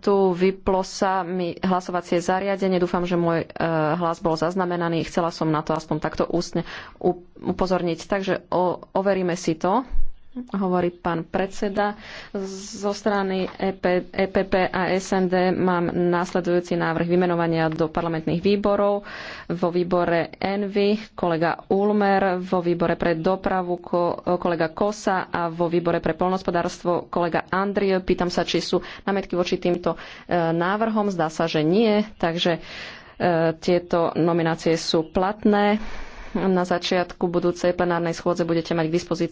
tu, vyplo sa mi hlasovacie zariadenie. Dúfam, že môj e, hlas bol zaznamenaný. Chcela som na to aspoň takto ústne upozorniť. Takže overíme si to hovorí pán predseda. Zo strany EP, EPP a SND mám následujúci návrh vymenovania do parlamentných výborov. Vo výbore Envy kolega Ulmer, vo výbore pre dopravu kolega Kosa a vo výbore pre polnospodárstvo kolega Andrie. Pýtam sa, či sú námetky voči týmto e, návrhom. Zdá sa, že nie, takže e, tieto nominácie sú platné. Na začiatku budúcej plenárnej schôdze budete mať k dispozícii